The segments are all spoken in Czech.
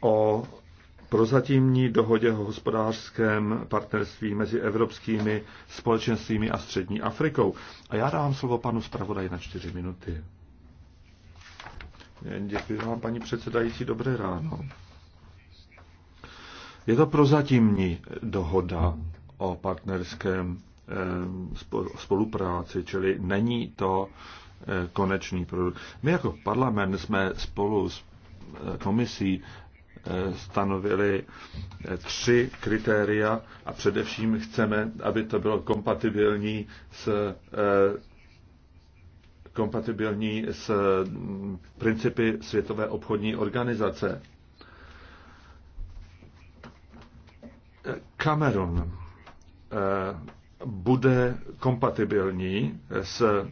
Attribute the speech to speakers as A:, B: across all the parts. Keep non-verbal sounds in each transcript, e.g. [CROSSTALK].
A: o prozatímní dohodě o hospodářském partnerství mezi evropskými společenstvími a střední Afrikou. A já dávám slovo panu zpravodaji na čtyři minuty. Děkuji vám, paní předsedající, dobré ráno. Je to prozatímní dohoda o partnerském eh, spolupráci, čili není to eh, konečný produkt. My jako parlament jsme spolu s eh, komisí stanovili eh, tři kritéria a především chceme, aby to bylo kompatibilní s eh, kompatibilní s mm, principy Světové obchodní organizace. Kamerun eh, bude kompatibilní s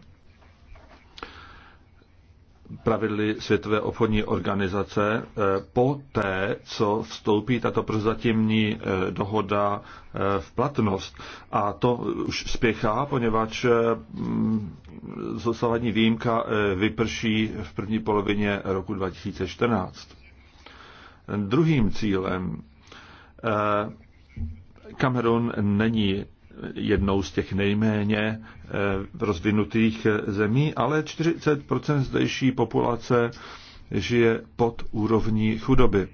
A: pravidly Světové obchodní organizace eh, po té, co vstoupí tato prozatímní eh, dohoda eh, v platnost. A to už spěchá, poněvadž mm, zosavadní výjimka vyprší v první polovině roku 2014. Druhým cílem Kamerun není jednou z těch nejméně eh, rozvinutých eh, zemí, ale 40 zdejší populace žije pod úrovní chudoby.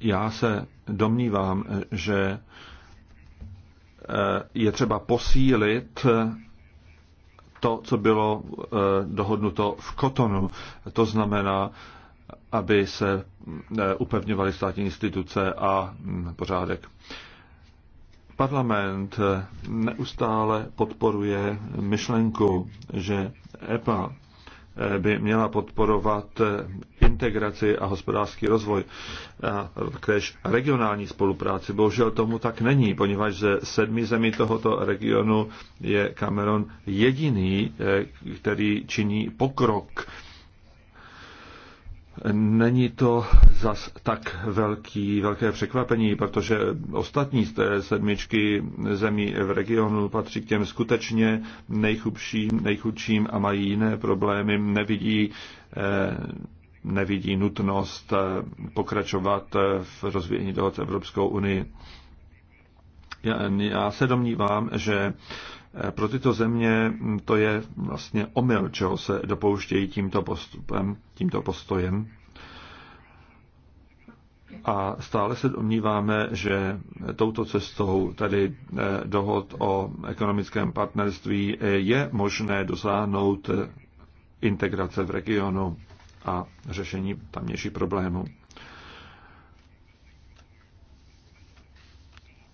A: Já se domnívám, že eh, je třeba posílit to, co bylo dohodnuto v Kotonu. To znamená, aby se upevňovaly státní instituce a hm, pořádek. Parlament neustále podporuje myšlenku, že EPA eh, by měla podporovat eh, integraci a hospodářský rozvoj, též regionální spolupráci. Bohužel tomu tak není, poněvadž ze sedmi zemí tohoto regionu je Cameron jediný, eh, který činí pokrok. Není to zas tak velký, velké překvapení, protože ostatní z té sedmičky zemí v regionu patří k těm skutečně nejchubším, nejchudším a mají jiné problémy, nevidí, eh, nevidí nutnost eh, pokračovat v rozvíjení dohod s Evropskou unii. Já se domnívám, že eh, pro tyto země to je vlastně omyl, čeho se dopouštějí tímto postupem, tímto postojem. A stále se domníváme, že touto cestou, tedy eh, dohod o ekonomickém partnerství, eh, je možné dosáhnout eh, integrace v regionu a řešení tamnější problémů.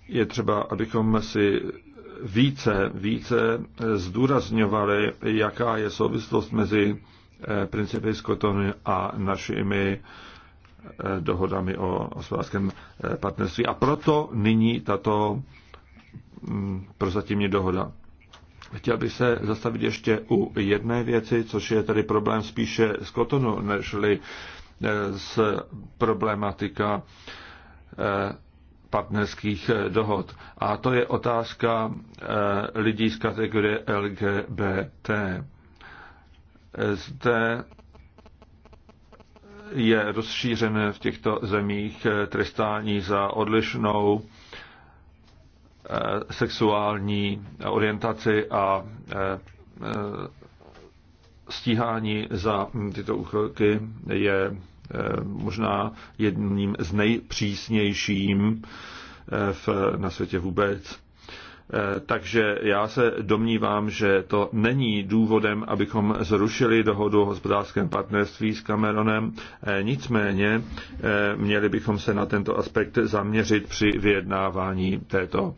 A: Je třeba, abychom si více, více zdůrazňovali, jaká je souvislost mezi principy skotony a našimi Eh, dohodami o hospodářském eh, partnerství. A proto nyní tato mm, prozatímní dohoda. Chtěl bych se zastavit ještě u jedné věci, což je tedy problém spíše z kotonu, nežli z eh, problematika partnerských dohod. A to je otázka lidí z kategorie LGBT. Zde je rozšířené v těchto zemích eh, trestání za odlišnou eh, sexuální orientaci a eh, stíhání za hm, tyto úchylky je možná jedním z nejpřísnějším v, na světě vůbec. Eh, takže já se domnívám, že to není důvodem, abychom zrušili dohodu o hospodářském partnerství s Cameronem. Eh, nicméně eh, měli bychom se na tento aspekt zaměřit při vyjednávání této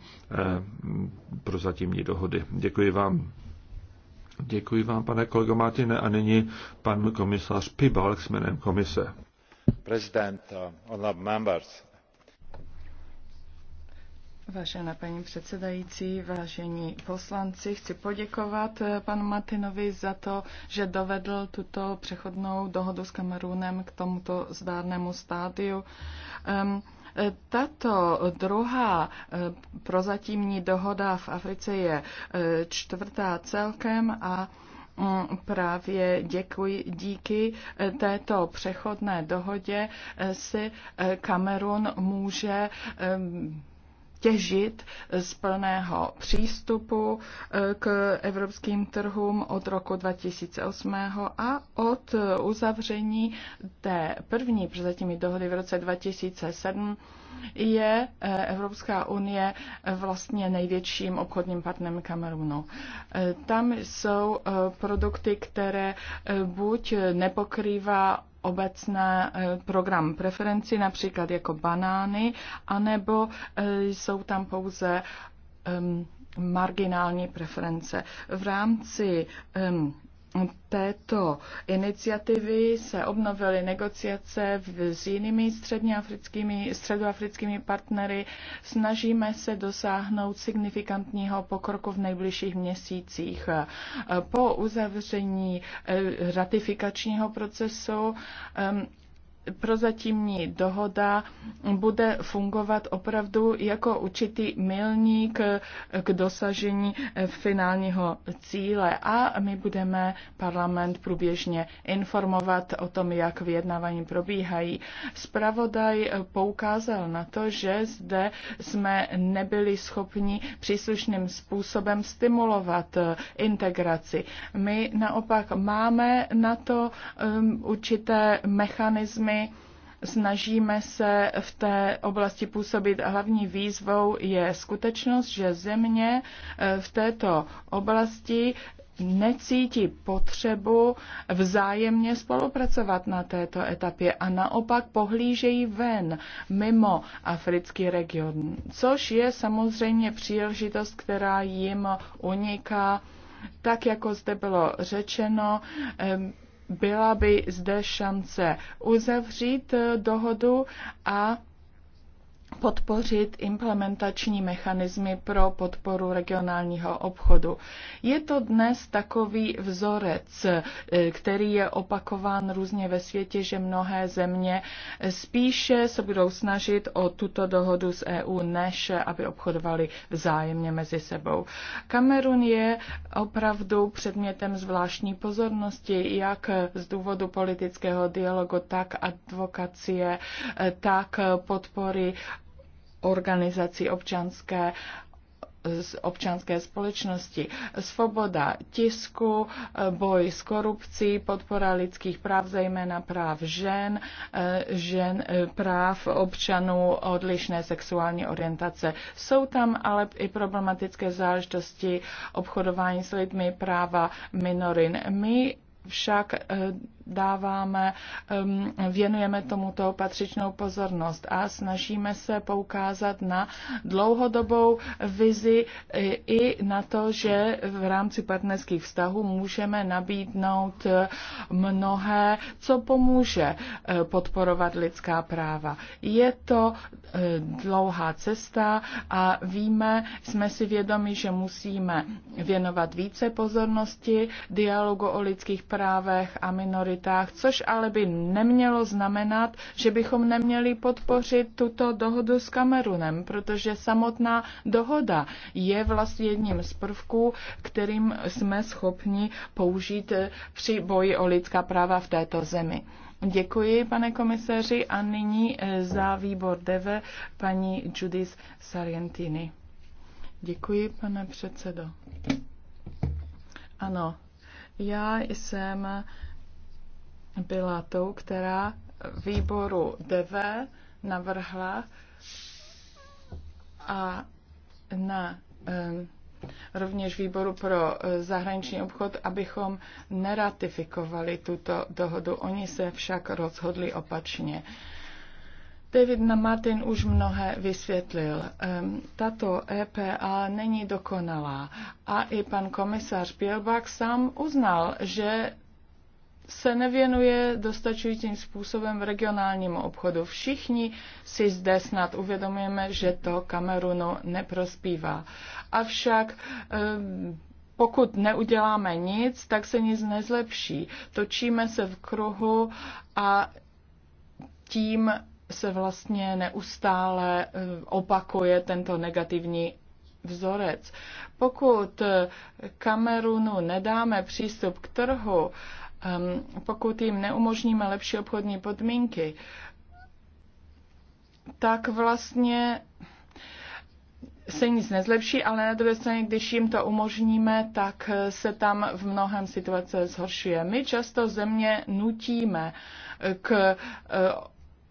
A: prozatímní dohody. Děkuji vám. Děkuji vám, pane kolego Martine. A nyní pan komisař Pibalk s jménem komise. Prezident, members.
B: Vážená paní předsedající, vážení poslanci, chci poděkovat eh, panu Martinovi za to, že dovedl tuto přechodnou dohodu s Kamerunem k tomuto zdárnému stádiu. Um, tato druhá eh, prozatímní dohoda v Africe je čtvrtá celkem a mm, právě děkuji, díky této přechodné dohodě si Kamerun může ehm, těžit z plného přístupu e, k evropským trhům od roku 2008 a od uzavření té první předzatímní dohody v roce 2007 je e, Evropská unie vlastně největším obchodním partnerem Kamerunu. E, tam jsou produkty, které buď nepokrývá obecné eh, program preferenci, například jako banány, anebo eh, jsou tam pouze ehm, marginální preference. V rámci ehm, této iniciativy se obnovily negociace s jinými středoafrickými, středoafrickými partnery. Snažíme se dosáhnout signifikantního pokroku v nejbližších měsících. E, po uzavření e, ratifikačního procesu prozatímní dohoda bude fungovat opravdu jako určitý milník k dosažení finálního cíle a my budeme parlament průběžně informovat o tom, jak vyjednávání probíhají. Spravodaj poukázal na to, že zde jsme nebyli schopni příslušným způsobem stimulovat integraci. My naopak máme na to um, určité mechanizmy, Snažíme se v té oblasti působit. Hlavní výzvou je skutečnost, že země eh, v této oblasti necítí potřebu vzájemně spolupracovat na této etapě a naopak pohlížejí ven, mimo africký region, což je samozřejmě příležitost, která jim uniká. Tak, jako zde bylo řečeno, byla by zde šance uzavřít eh, dohodu a podpořit implementační mechanismy pro podporu regionálního obchodu. Je to dnes takový vzorec, eh, který je opakován různě ve světě, že mnohé země spíše se budou snažit o tuto dohodu s EU, než aby obchodovali vzájemně mezi sebou. Kamerun je opravdu předmětem zvláštní pozornosti, jak z důvodu politického dialogu, tak advokacie, eh, tak podpory organizací občanské z občanské společnosti. Svoboda tisku, boj s korupcí, podpora lidských práv, zejména práv žen, eh, žen eh, práv občanů odlišné sexuální orientace. Jsou tam ale i problematické záležitosti obchodování s lidmi, práva minorin. My však eh, dáváme, um, věnujeme tomuto patřičnou pozornost a snažíme se poukázat na dlouhodobou vizi i na to, že v rámci partnerských vztahů můžeme nabídnout eh, mnohé, co pomůže eh, podporovat lidská práva. Je to eh, dlouhá cesta a víme, jsme si vědomi, že musíme věnovat více pozornosti dialogu o lidských právech a minoritách prioritách, což ale by nemělo znamenat, že bychom neměli podpořit tuto dohodu s Kamerunem, protože samotná dohoda je vlastně jedním z prvků, kterým jsme schopni použít při boji o lidská práva v této zemi. Děkuji, pane komisaři, a nyní eh, za výbor DEVE paní Judith Sarientini. Děkuji, pane předsedo. Ano, já jsem byla tou, která výboru DV navrhla a na rovněž výboru pro eh, zahraniční obchod, abychom neratifikovali tuto dohodu. Oni se však rozhodli opačně. David na Martin už mnohé vysvětlil. Tato EPA není dokonalá a i pan komisař Bielbach sám uznal, že se nevěnuje dostačujícím způsobem regionálnímu obchodu. Všichni si zde snad uvědomujeme, že to Kamerunu neprospívá. Avšak ehm, pokud neuděláme nic, tak se nic nezlepší. Točíme se v kruhu a tím se vlastně neustále ehm, opakuje tento negativní vzorec. Pokud Kamerunu nedáme přístup k trhu, Ehm, pokud jim neumožníme lepší obchodní podmínky, tak vlastně se nic nezlepší, ale na druhé straně, když jim to umožníme, tak se tam v mnohem situace zhoršuje. My často země nutíme k eh,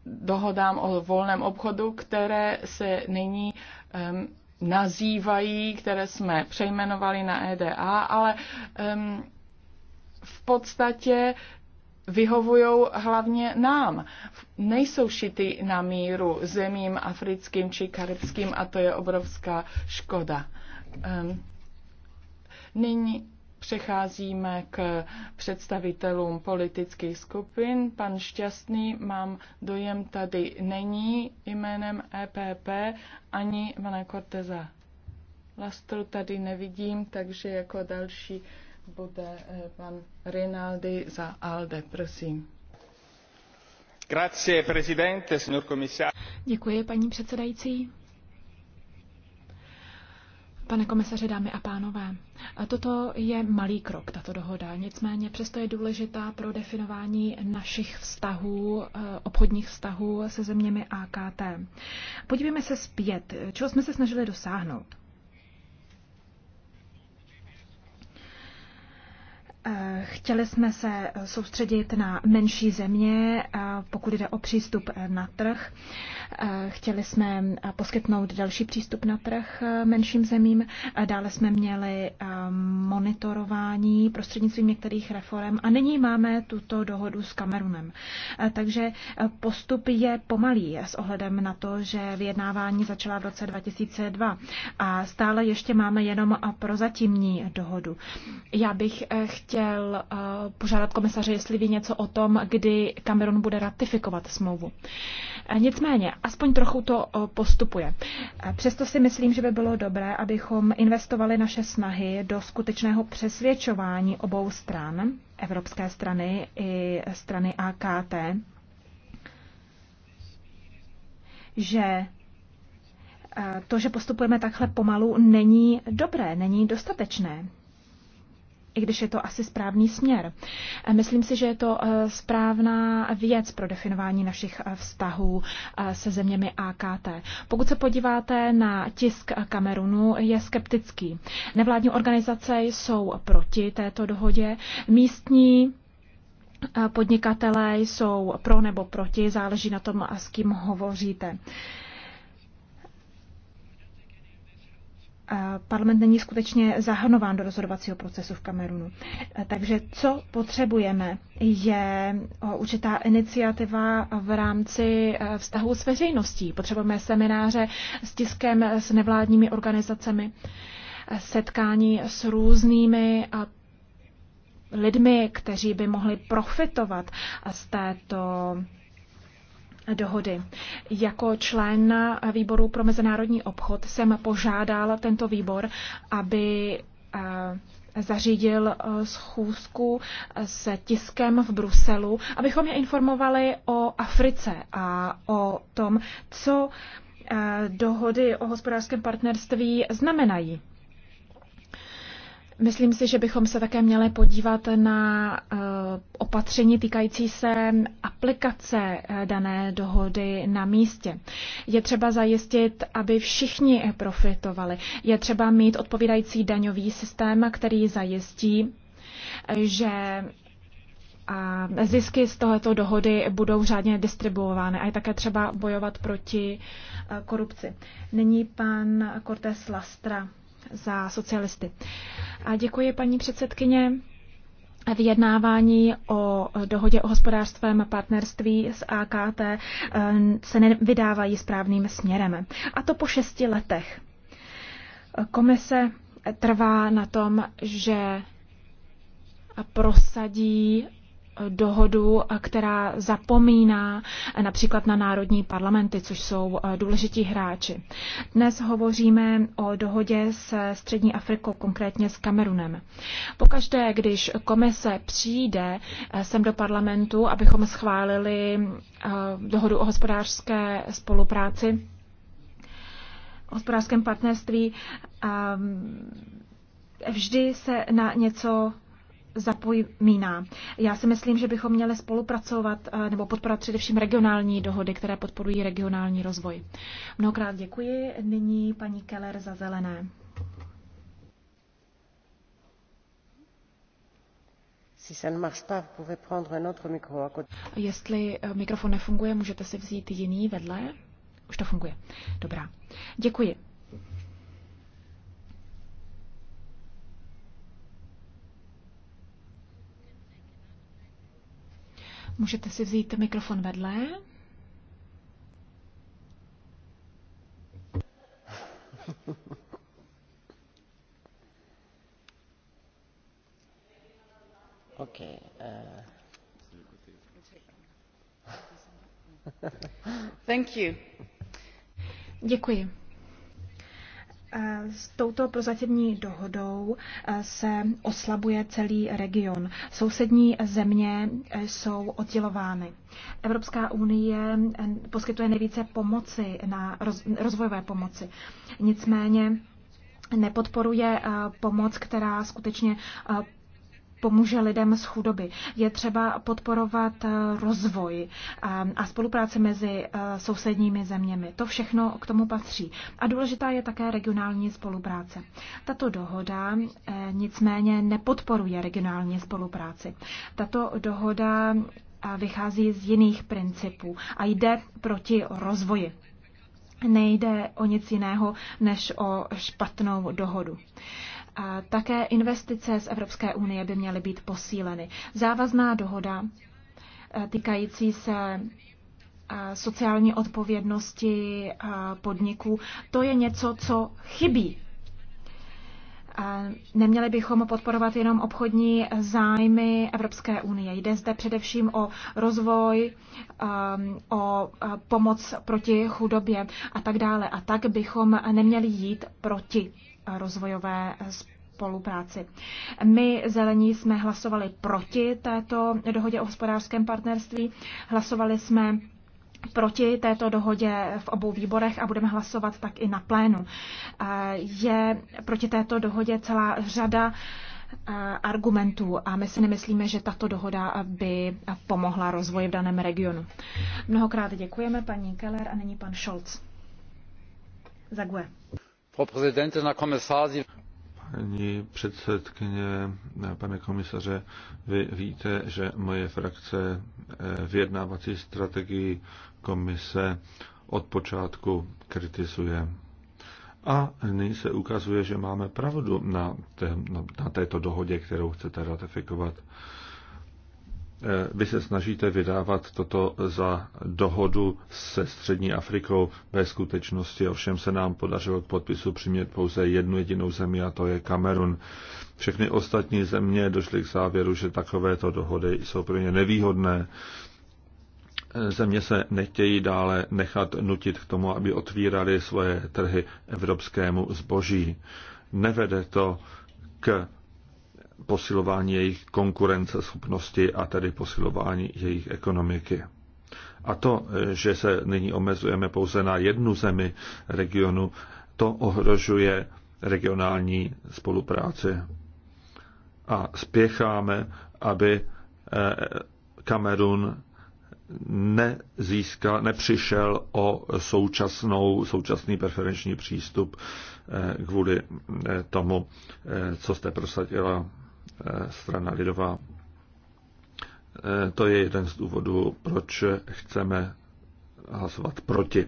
B: dohodám o volném obchodu, které se nyní um, nazývají, které jsme přejmenovali na EDA, ale um, v podstatě vyhovují hlavně nám. Nejsou šity na míru zemím africkým či karibským a to je obrovská škoda. Um, nyní přecházíme k představitelům politických skupin. Pan Šťastný, mám dojem, tady není jménem EPP ani pana Corteza. Lastru tady nevidím, takže jako další bude eh, pan Rinaldi za ALDE, prosím.
A: Grazie, presidente, signor commissario.
B: Děkuji, paní předsedající.
C: Pane komisaři, dámy a pánové, toto je malý krok, tato dohoda. Nicméně přesto je důležitá pro definování našich vztahů, eh, obchodních vztahů se zeměmi AKT. Podívejme se zpět, čeho jsme se snažili dosáhnout. Eh, chtěli jsme se eh, soustředit na menší země, eh, pokud jde o přístup na trh. Chtěli jsme poskytnout další přístup na trh menším zemím. Dále jsme měli monitorování prostřednictvím některých reform a nyní máme tuto dohodu s Kamerunem. Takže postup je pomalý s ohledem na to, že vyjednávání začala v roce 2002 a stále ještě máme jenom prozatímní dohodu. Já bych chtěla chtěl eh, požádat komisaře, jestli ví něco o tom, kdy Kamerun bude ratifikovat smlouvu. Eh, nicméně, aspoň trochu to eh, postupuje. Přesto si myslím, že by bylo dobré, abychom investovali naše snahy do skutečného přesvědčování obou stran, evropské strany i strany AKT, že to, že postupujeme takhle pomalu, není dobré, není dostatečné i když je to asi správný směr. Eh, myslím si, že je to eh, správná věc pro definování našich eh, vztahů se zeměmi AKT. Pokud se podíváte na tisk Kamerunu, je skeptický. Nevládní organizace jsou proti této dohodě. Místní podnikatelé jsou pro nebo proti, záleží na tom, s kým hovoříte. parlament není skutečně zahrnován do rozhodovacího procesu v Kamerunu. E, takže co potřebujeme, je e, určitá iniciativa v rámci e, vztahu s veřejností. Potřebujeme semináře s tiskem, s nevládními organizacemi, setkání s různými lidmi, kteří by mohli profitovat z této dohody. Jako člen výboru pro mezinárodní obchod jsem požádal tento výbor, aby eh, zařídil eh, schůzku eh, s tiskem v Bruselu, abychom je informovali o Africe a o tom, co dohody o hospodářském partnerství znamenají. Myslím si, že bychom se také měli podívat na eh, opatření týkající se aplikace eh, dané dohody na místě. Je třeba zajistit, aby všichni profitovali. Je třeba mít odpovídající daňový systém, který zajistí, že a eh, zisky z tohoto dohody budou řádně distribuovány a je také třeba bojovat proti korupci. Nyní pan Cortés Lastra za socialisty. A děkuji, paní předsedkyně. Vyjednávání o dohodě o hospodářstvém partnerství s AKT eh, se nevydávají správným směrem. A to po šesti letech. Komise trvá na tom, že prosadí dohodu, která zapomíná například na národní parlamenty, což jsou eh, důležití hráči. Dnes hovoříme o dohodě se Střední Afrikou, konkrétně s Kamerunem. Pokaždé, když komise přijde eh, sem do parlamentu, abychom schválili eh, dohodu o hospodářské spolupráci, hospodářském partnerství, ehm, vždy se na něco zapomíná. Já si myslím, že bychom měli spolupracovat eh, nebo podporovat především regionální dohody, které podporují regionální rozvoj. Mnohokrát děkuji. Nyní paní Keller za zelené. Jestli eh, mikrofon nefunguje, můžete si vzít jiný vedle? Už to funguje. Dobrá. Děkuji. Můžete si vzít mikrofon vedle. [LAUGHS] OK. Uh... Thank you. Děkuji s touto prozatímní dohodou eh, se oslabuje celý region. Sousední země eh, jsou oddělovány. Evropská unie eh, poskytuje nejvíce pomoci na rozvojové pomoci. Nicméně nepodporuje pomoc, která skutečně pomůže lidem z chudoby. Je třeba podporovat eh, rozvoj eh, a spolupráci mezi eh, sousedními zeměmi. To všechno k tomu patří. A důležitá je také regionální spolupráce. Tato dohoda nicméně nepodporuje regionální spolupráci. Tato dohoda vychází z jiných principů a jde proti rozvoji. Nejde o nic jiného než o špatnou dohodu. Také investice z Evropské unie by měly být posíleny. Závazná dohoda eh, týkající se eh, sociální odpovědnosti eh, podniků, to je něco, co chybí. Neměli bychom podporovat jenom obchodní zájmy Evropské unie. Jde zde především o rozvoj, ehm, o pomoc proti chudobě a tak dále. A tak bychom neměli jít proti rozvojové spolupráci. My zelení jsme hlasovali proti této dohodě o hospodářském partnerství. Hlasovali jsme proti této dohodě v obou výborech a budeme hlasovat tak i na plénu. Je proti této dohodě celá řada eh, argumentů a my si nemyslíme, že tato dohoda by pomohla rozvoji v daném regionu. Mnohokrát děkujeme paní Keller a nyní pan Scholz. Zague
A: paní předsedkyně, pane komisaře, vy víte, že moje frakce eh, vyjednávací strategii komise od počátku kritizuje. A nyní se ukazuje, že máme pravdu na, té, na této dohodě, kterou chcete ratifikovat vy se snažíte vydávat toto za dohodu se Střední Afrikou. Ve skutečnosti ovšem se nám podařilo k podpisu přimět pouze jednu jedinou zemi a to je Kamerun. Všechny ostatní země došly k závěru, že takovéto dohody jsou pro ně nevýhodné. Země se nechtějí dále nechat nutit k tomu, aby otvírali svoje trhy evropskému zboží. Nevede to k posilování jejich konkurenceschopnosti a tedy posilování jejich ekonomiky. A to, že se nyní omezujeme pouze na jednu zemi regionu, to ohrožuje regionální spolupráci. A spěcháme, aby eh, Kamerun nezískal, nepřišel o současnou, současný preferenční přístup eh, kvůli eh, tomu, co jste prosadila Eh, strana lidová. Eh, to je jeden z důvodů, proč chceme hlasovat proti.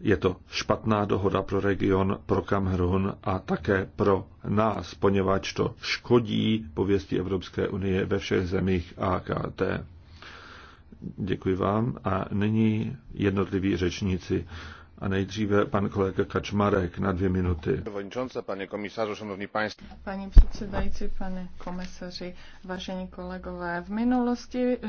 A: Je to špatná dohoda pro region, pro Kamerun a také pro nás, poněvadž to škodí pověsti Evropské unie ve všech zemích AKT. Děkuji vám a nyní jednotliví řečníci. A nejdříve pan kolega Kačmarek na dvě minuty.
B: Paní předsedající, pane komisaři, vážení kolegové, v minulosti eh,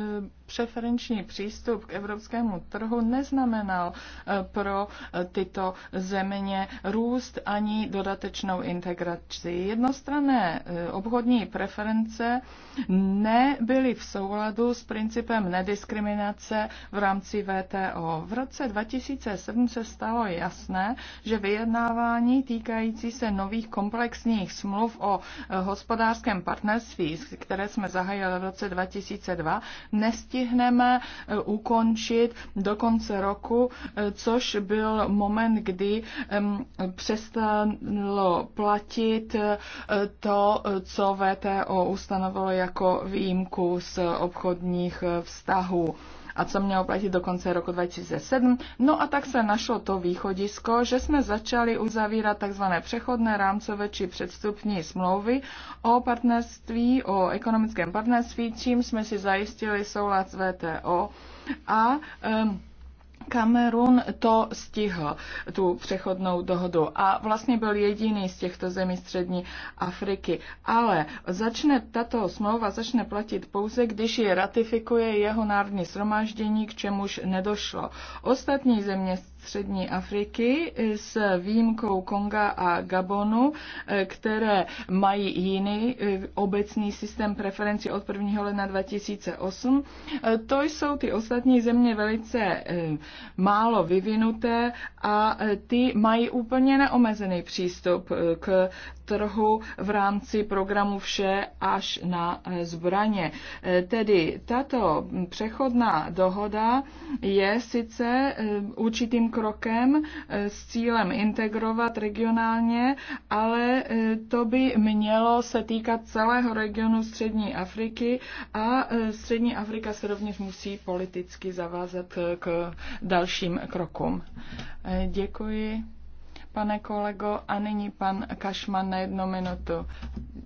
B: preferenční přístup k evropskému trhu neznamenal eh, pro eh, tyto země růst ani dodatečnou integraci. Jednostranné obchodní preference nebyly v souladu s principem nediskriminace v rámci VTO. V roce 2007 se stalo jasné, že vyjednávání týkající se nových komplexních smluv o eh, hospodářském partnerství, které jsme zahájili v roce 2002, nestihneme eh, ukončit do konce roku, eh, což byl moment, kdy přestalo platit to, co VTO ustanovilo jako výjimku z obchodních vztahů a co mělo platit do konce roku 2007. No a tak se našlo to východisko, že jsme začali uzavírat tzv. přechodné rámcové či předstupní smlouvy o partnerství, o ekonomickém partnerství, čím jsme si zajistili soulad s VTO a um, Kamerun to stihl, tu přechodnou dohodu a vlastně byl jediný z těchto zemí střední Afriky. Ale začne tato smlouva začne platit pouze, když ji ratifikuje jeho národní sromáždění, k čemuž nedošlo. Ostatní země střední Afriky s výjimkou Konga a Gabonu, eh, které mají jiný eh, obecný systém preferenci od 1. ledna 2008. Eh, to jsou ty ostatní země velice málo vyvinuté a ty mají úplně neomezený přístup k trhu v rámci programu Vše až na eh, zbraně. Eh, tedy tato přechodná dohoda je sice eh, určitým krokem s cílem integrovat regionálně, ale to by mělo se týkat celého regionu Střední Afriky a Střední Afrika se rovněž musí politicky zavázat k dalším krokům. Děkuji pane kolego. A nyní pan Kašman na jednu minutu.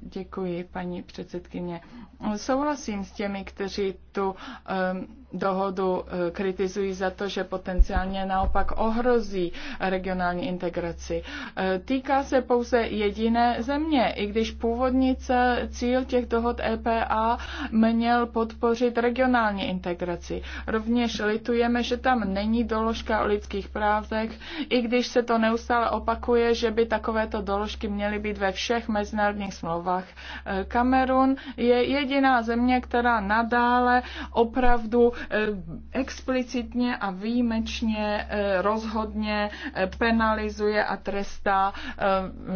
B: Děkuji, paní předsedkyně. Souhlasím s těmi, kteří tu um, dohodu eh, kritizují za to, že potenciálně naopak ohrozí regionální integraci. Eh, týká se pouze jediné země, i když původní cíl těch dohod EPA měl podpořit regionální integraci. Rovněž litujeme, že tam není doložka o lidských právech, i když se to neustále opakuje, že by takovéto doložky měly být ve všech mezinárodních smlouvách. Eh, Kamerun je jediná země, která nadále opravdu Eh, explicitně a výjimečně eh, rozhodně eh, penalizuje a trestá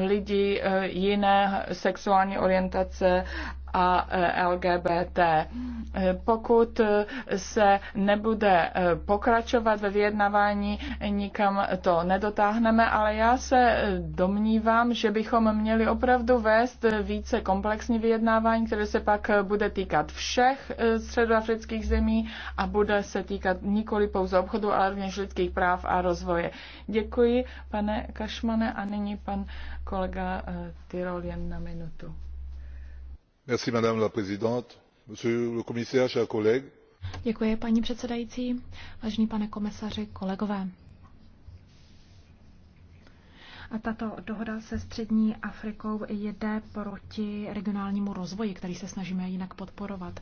B: lidi jiné sexuální orientace a e, LGBT. E, pokud se nebude e, pokračovat ve vyjednávání, nikam to nedotáhneme, ale já se domnívám, že bychom měli opravdu vést více komplexní vyjednávání, které se pak bude týkat všech středoafrických zemí a bude se týkat nikoli pouze obchodu, ale rovněž lidských práv a rozvoje. Děkuji, pane Kašmane, a nyní pan kolega Tyrol jen na minutu
A: madame la présidente monsieur le commissaire chers collègues
C: Děkuji, paní předsedající, vážený pane komisaři, kolegové. A tato dohoda se střední Afrikou jde proti regionálnímu rozvoji, který se snažíme jinak podporovat.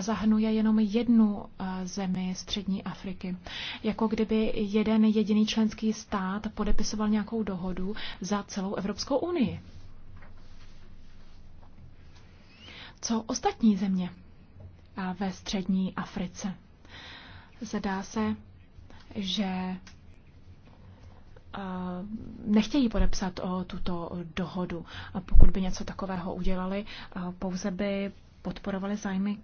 C: Zahrnuje jenom jednu eh, zemi střední Afriky. Jako kdyby jeden jediný členský stát podepisoval nějakou dohodu za celou Evropskou unii. co ostatní země a ve střední Africe. Zdá se, že eh, nechtějí podepsat o tuto dohodu. A pokud by něco takového udělali, eh, pouze by podporovali zájmy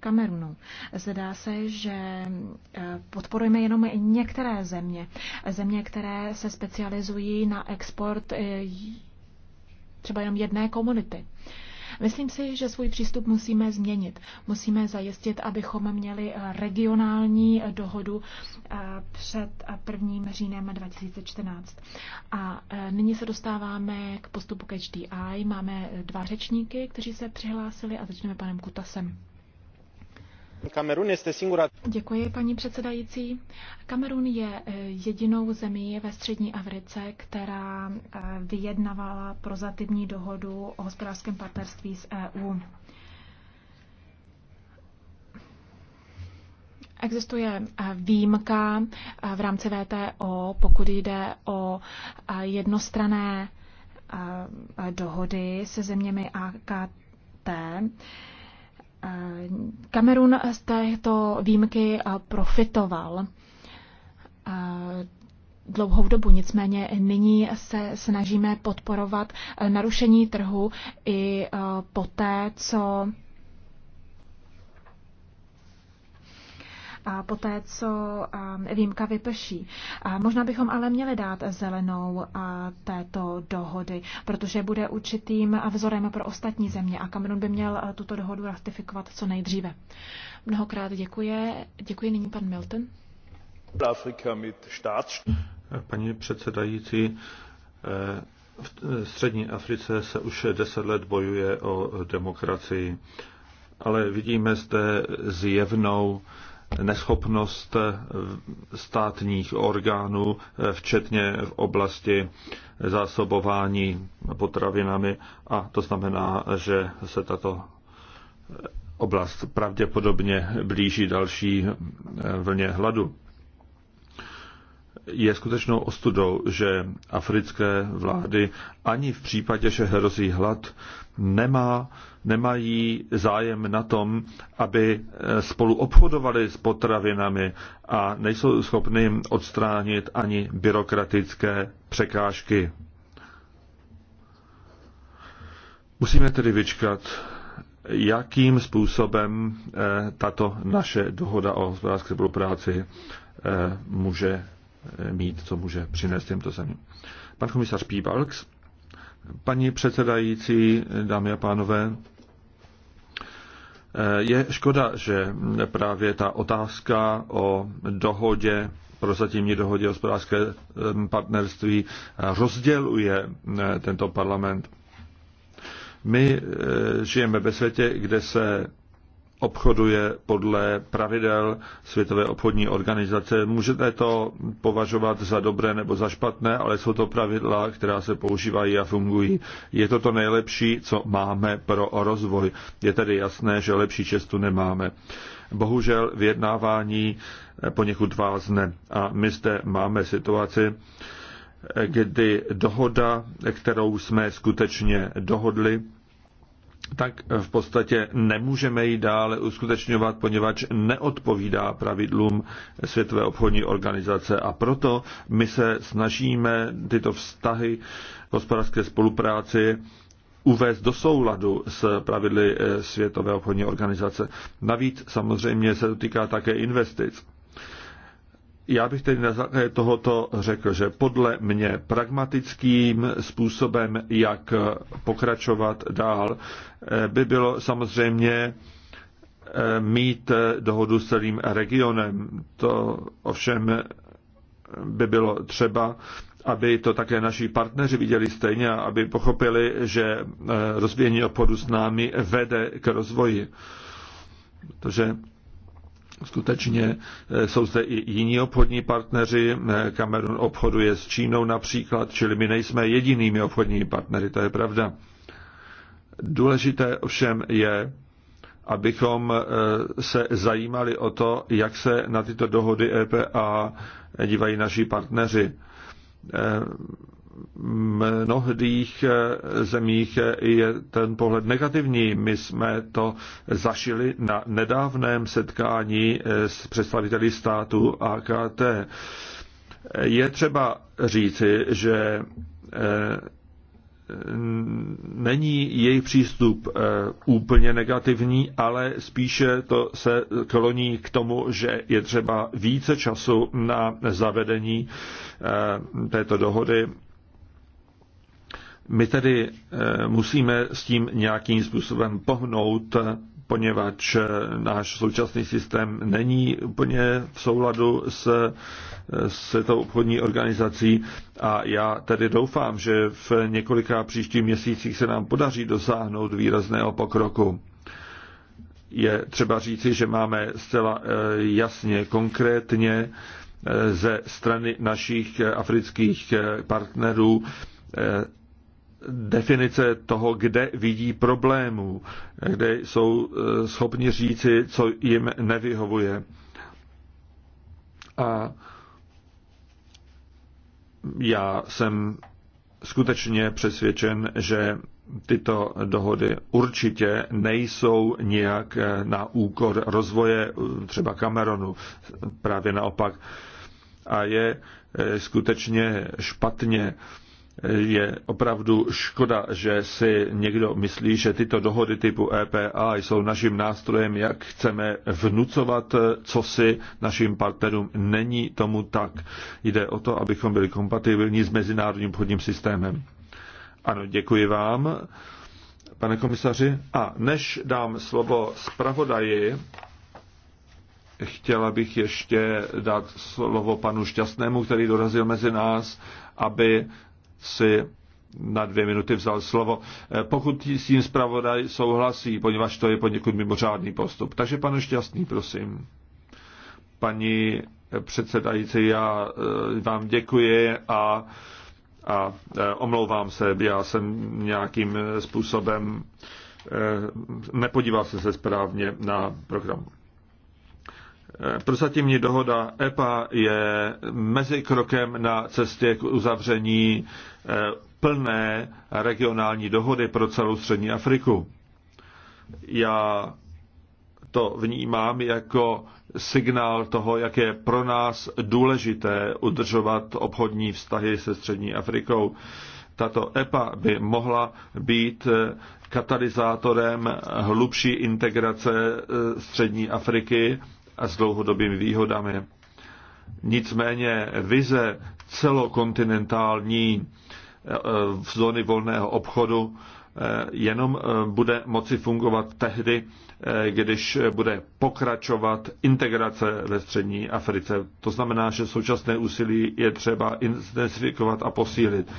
C: Kamerunu. Zdá se, že eh, podporujeme jenom některé země. Země, které se specializují na export třeba jenom jedné komunity. Uh, Myslím si, že svůj přístup musíme změnit. Musíme zajistit, abychom měli eh, regionální eh, dohodu eh, před 1. říjnem 2014. A nyní se dostáváme k postupu k HDI. Máme dva řečníky, kteří se přihlásili a začneme panem Kutasem.
A: Kamerun este singura...
C: Děkuji, paní předsedající. Kamerun je eh, jedinou zemí ve střední Africe, která eh, vyjednavala prozatímní dohodu o hospodářském partnerství s EU. Existuje eh, výjimka v rámci VTO, pokud jde o jednostrané dohody se zeměmi AKT. Kamerun z této výjimky eh, profitoval eh, dlouhou dobu, nicméně nyní se snažíme podporovat eh, narušení trhu i poté, co poté, co um, výjimka vyprší. Možná bychom ale měli dát zelenou této dohody, protože bude určitým vzorem pro ostatní země a Kamerun by měl tuto dohodu ratifikovat co nejdříve. Mnohokrát děkuji. Děkuji nyní pan Milton.
A: Paní předsedající, eh, v eh, střední Africe se už deset let bojuje o demokracii, ale vidíme zde zjevnou neschopnost eh, státních orgánů, eh, včetně v oblasti zásobování potravinami a to znamená, že se tato eh, oblast pravděpodobně blíží další vlně hladu je skutečnou ostudou, že africké vlády ani v případě, že hrozí hlad, nemá, nemají zájem na tom, aby eh, spolu obchodovali s potravinami a nejsou schopni odstránit ani byrokratické překážky. Musíme tedy vyčkat, jakým způsobem eh, tato naše dohoda o hospodářské spolupráci eh, může mít, co může přinést těmto zemím. Pan komisař Píbalks, paní předsedající, dámy a pánové, je škoda, že právě ta otázka o dohodě, prozatímní dohodě o hospodářské partnerství rozděluje tento parlament. My eh, žijeme ve světě, kde se obchoduje podle pravidel Světové obchodní organizace. Můžete to považovat za dobré nebo za špatné, ale jsou to pravidla, která se používají a fungují. Je to to nejlepší, co máme pro rozvoj. Je tedy jasné, že lepší čestu nemáme. Bohužel vyjednávání eh, poněkud vázne a my zde máme situaci, eh, kdy dohoda, eh, kterou jsme skutečně dohodli, tak v podstatě nemůžeme ji dále uskutečňovat, poněvadž neodpovídá pravidlům Světové obchodní organizace. A proto my se snažíme tyto vztahy hospodářské spolupráci uvést do souladu s pravidly Světové obchodní organizace. Navíc samozřejmě se to týká také investic já bych tedy na základě tohoto řekl, že podle mě pragmatickým způsobem, jak pokračovat dál, eh, by bylo samozřejmě eh, mít eh, dohodu s celým regionem. To ovšem by bylo třeba, aby to také naši partneři viděli stejně a aby pochopili, že rozvíjení obchodu s námi vede k rozvoji. Protože skutečně eh, jsou zde i jiní obchodní partneři. Kamerun eh, obchoduje s Čínou například, čili my nejsme jedinými obchodními partnery, to je pravda. Důležité ovšem je, abychom eh, se zajímali o to, jak se na tyto dohody EPA dívají naši partneři mnohdých eh, zemích eh, je ten pohled negativní. My jsme to zašili na nedávném setkání eh, s představiteli státu AKT. Je třeba říci, že není jejich přístup úplně negativní, ale spíše to se kloní k tomu, že je třeba více času na zavedení této dohody my tedy eh, musíme s tím nějakým způsobem pohnout, poněvadž eh, náš současný systém není úplně v souladu s eh, Světovou obchodní organizací a já tedy doufám, že v několika příštích měsících se nám podaří dosáhnout výrazného pokroku. Je třeba říci, že máme zcela jasně, konkrétně ze strany našich afrických partnerů definice toho, kde vidí problémů, kde jsou eh, schopni říci, co jim nevyhovuje. A já jsem skutečně přesvědčen, že tyto dohody určitě nejsou nijak eh, na úkor rozvoje eh, třeba Cameronu, právě naopak. A je skutečně špatně, je opravdu škoda, že si někdo myslí, že tyto dohody typu EPA jsou naším nástrojem, jak chceme vnucovat co si našim partnerům. Není tomu tak. Jde o to, abychom byli kompatibilní s mezinárodním obchodním systémem. Ano, děkuji vám, pane komisaři. A než dám slovo zpravodaji, chtěla bych ještě dát slovo panu Šťastnému, který dorazil mezi nás, aby si na dvě minuty vzal slovo, eh, pokud s tím zpravodaj souhlasí, poněvadž to je poněkud mimořádný postup. Takže pane Šťastný, prosím. Paní předsedající, já eh, vám děkuji a, a eh, omlouvám se, já jsem nějakým způsobem nepodíval se se správně na program. Eh, prozatímní dohoda EPA je mezikrokem na cestě k uzavření eh, plné regionální dohody pro celou střední Afriku. Já to vnímám jako signál toho, jak je pro nás důležité udržovat obchodní vztahy se střední Afrikou. Tato EPA by mohla být eh, katalyzátorem hlubší integrace střední Afriky a s dlouhodobými výhodami. Nicméně vize celokontinentální eh, v zóny volného obchodu eh, jenom eh, bude moci fungovat tehdy, když bude pokračovat integrace ve střední Africe. To znamená, že současné úsilí je třeba intenzifikovat a posílit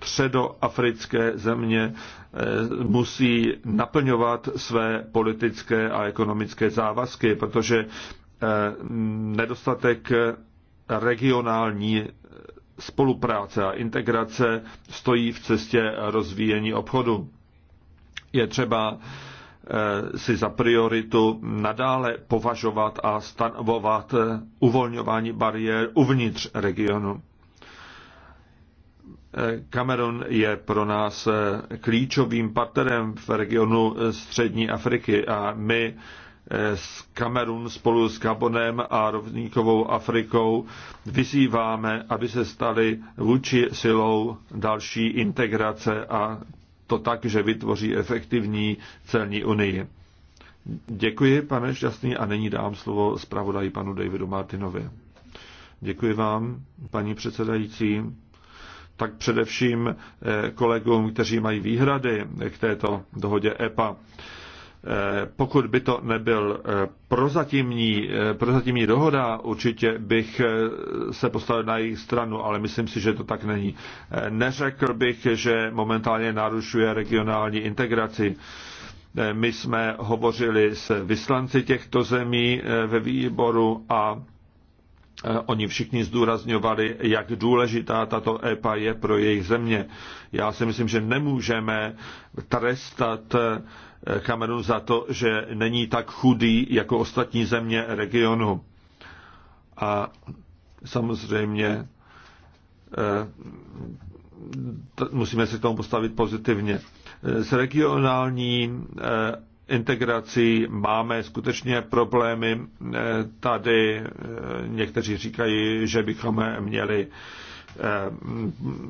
A: středoafrické země eh, musí naplňovat své politické a ekonomické závazky, protože eh, nedostatek regionální eh, spolupráce a integrace stojí v cestě rozvíjení obchodu. Je třeba si za prioritu nadále považovat a stanovovat uvolňování bariér uvnitř regionu. Kamerun je pro nás eh, klíčovým partnerem v regionu eh, střední Afriky a my eh, s Kamerun spolu s Gabonem a rovníkovou Afrikou vyzýváme, aby se stali vůči silou další integrace a to tak, že vytvoří efektivní celní unii. Děkuji, pane Šťastný, a nyní dám slovo zpravodaji panu Davidu Martinovi. Děkuji vám, paní předsedající tak především eh, kolegům, kteří mají výhrady k této dohodě EPA. Eh, pokud by to nebyl eh, prozatímní, prozatímní dohoda, určitě bych se postavil na jejich stranu, ale myslím si, že to tak není. Neřekl bych, že momentálně narušuje regionální integraci. My jsme hovořili s vyslanci těchto zemí ve výboru a Eh, oni všichni zdůrazňovali, jak důležitá tato EPA je pro jejich země. Já si myslím, že nemůžeme trestat eh, Kamerun za to, že není tak chudý jako ostatní země regionu. A samozřejmě eh, musíme se k tomu postavit pozitivně. Z regionální integrací máme skutečně problémy. Eh, tady eh, někteří říkají, že bychom měli eh,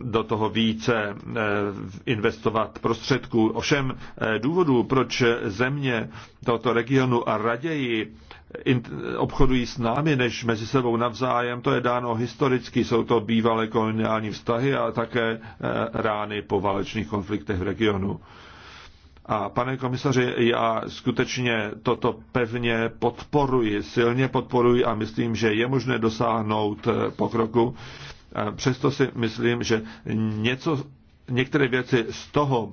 A: do toho více investovat prostředků. Ovšem důvodů, proč země tohoto regionu a raději obchodují s námi, než mezi sebou navzájem, to je dáno historicky, jsou to bývalé koloniální vztahy a také rány po válečných konfliktech v regionu. A pane komisaři, já skutečně toto pevně podporuji, silně podporuji a myslím, že je možné dosáhnout pokroku. Přesto si myslím, že něco, některé věci z toho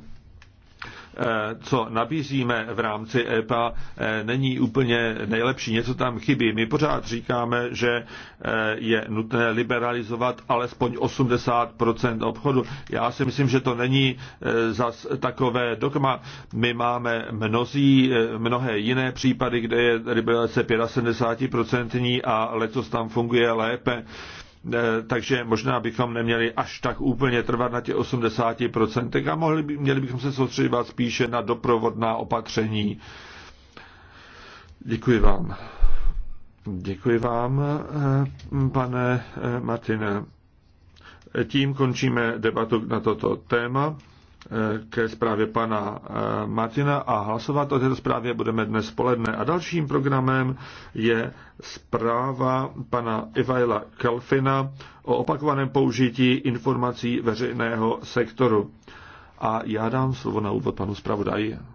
A: Eh, co nabízíme v rámci EPA, eh, není úplně nejlepší. Něco tam chybí. My pořád říkáme, že eh, je nutné liberalizovat alespoň 80 obchodu. Já si myslím, že to není zas takové dogma. My máme mnozí, mnohé jiné případy, kde je liberalizace 75 a letos tam funguje lépe takže možná bychom neměli až tak úplně trvat na těch 80% a mohli by, měli bychom se soustředovat spíše na doprovodná opatření. Děkuji vám. Děkuji vám, pane Martine. Tím končíme debatu na toto téma. Eh, ke zprávě pana eh, Martina a hlasovat o této zprávě budeme dnes poledne. A dalším programem je zpráva pana Ivaila Kelfina o opakovaném použití informací veřejného sektoru. A já dám slovo na úvod panu zpravodaji.